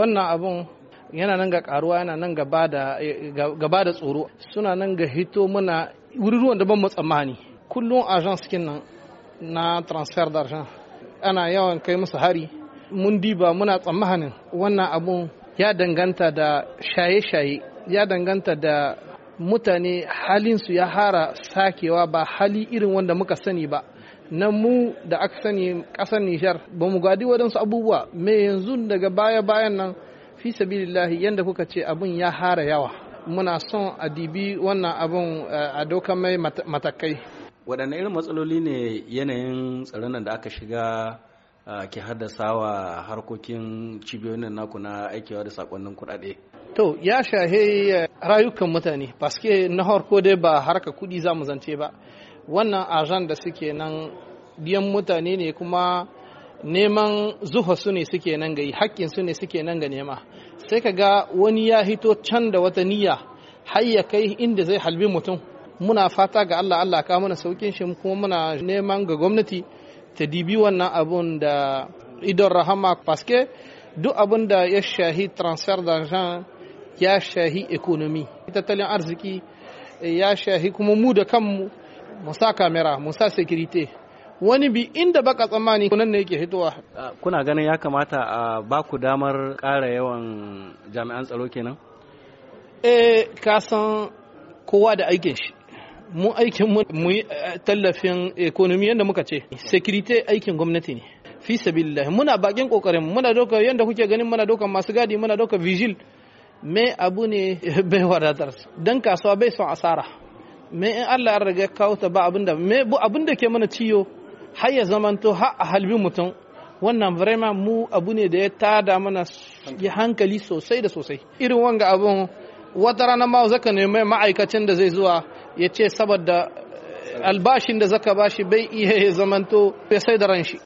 wannan abun yana nan ga karuwa yana nan gaba da tsoro suna nan ga hito muna wuri ruwan da ban tsammani kullum ajan kin nan na transfer d'argent ana yawan kai musu hari mun diba muna tsammanin wannan abun ya danganta da shaye-shaye ya danganta da mutane halinsu ya hara sakewa ba hali irin wanda muka sani ba na mu da aka sani kasar nishar, ba mu gadi waɗansu abubuwa me yanzu daga baya bayan nan fi sabilillahi yanda kuka ce abin ya hara yawa muna son a dibi wannan abun eh, a dokan mai matakai waɗanne irin matsaloli ne yanayin tsaron da aka shiga eh, ke haddasa wa harkokin cibiyoyin naku na aikewa da sakonnin kuɗaɗe to ya shahe eh, rayukan mutane paske na ko dai ba harka kuɗi za mu zance ba wannan ajan da suke nan biyan mutane ne kuma neman zuha su ne suke nan ga yi hakkin su ne suke nan ga nema sai ka ga wani ya hito can da wata niyya har ya kai inda zai halbi mutum muna fata ga Allah Allah ka mana saukin shi kuma muna neman ga gwamnati ta dibi wannan abun da idon rahama paske duk abun da ya shahi transfer d'argent ya shahi economy tattalin arziki ya shahi kuma mu da kanmu Musa kamera Musa sekirite wani bi inda baka tsammani nan ne yake hitowa ah, kuna ganin ya kamata a ba ku damar ƙara yawan jami'an tsaro kenan eh ka san kowa da aikin shi mu aikin mu eh, tallafin economy yadda muka ce security aikin gwamnati ne fi sabilillah muna bakin kokarin muna doka yadda kuke ganin muna doka masu gadi muna doka vigil me abu ne bai wadatar dan kasuwa bai son asara me in Allah an riga kawo ta ba abinda me bu abinda ke mana ciyo har ya zamanto har a halbi mutum wannan vrema mu abu ne da ya tada mana ya hankali sosai da sosai irin wanga abin wata rana ma zaka nemi ma'aikacin da zai zuwa ya ce saboda eh, albashin da zaka bashi bai iya ya zamanto ya sai da ran shi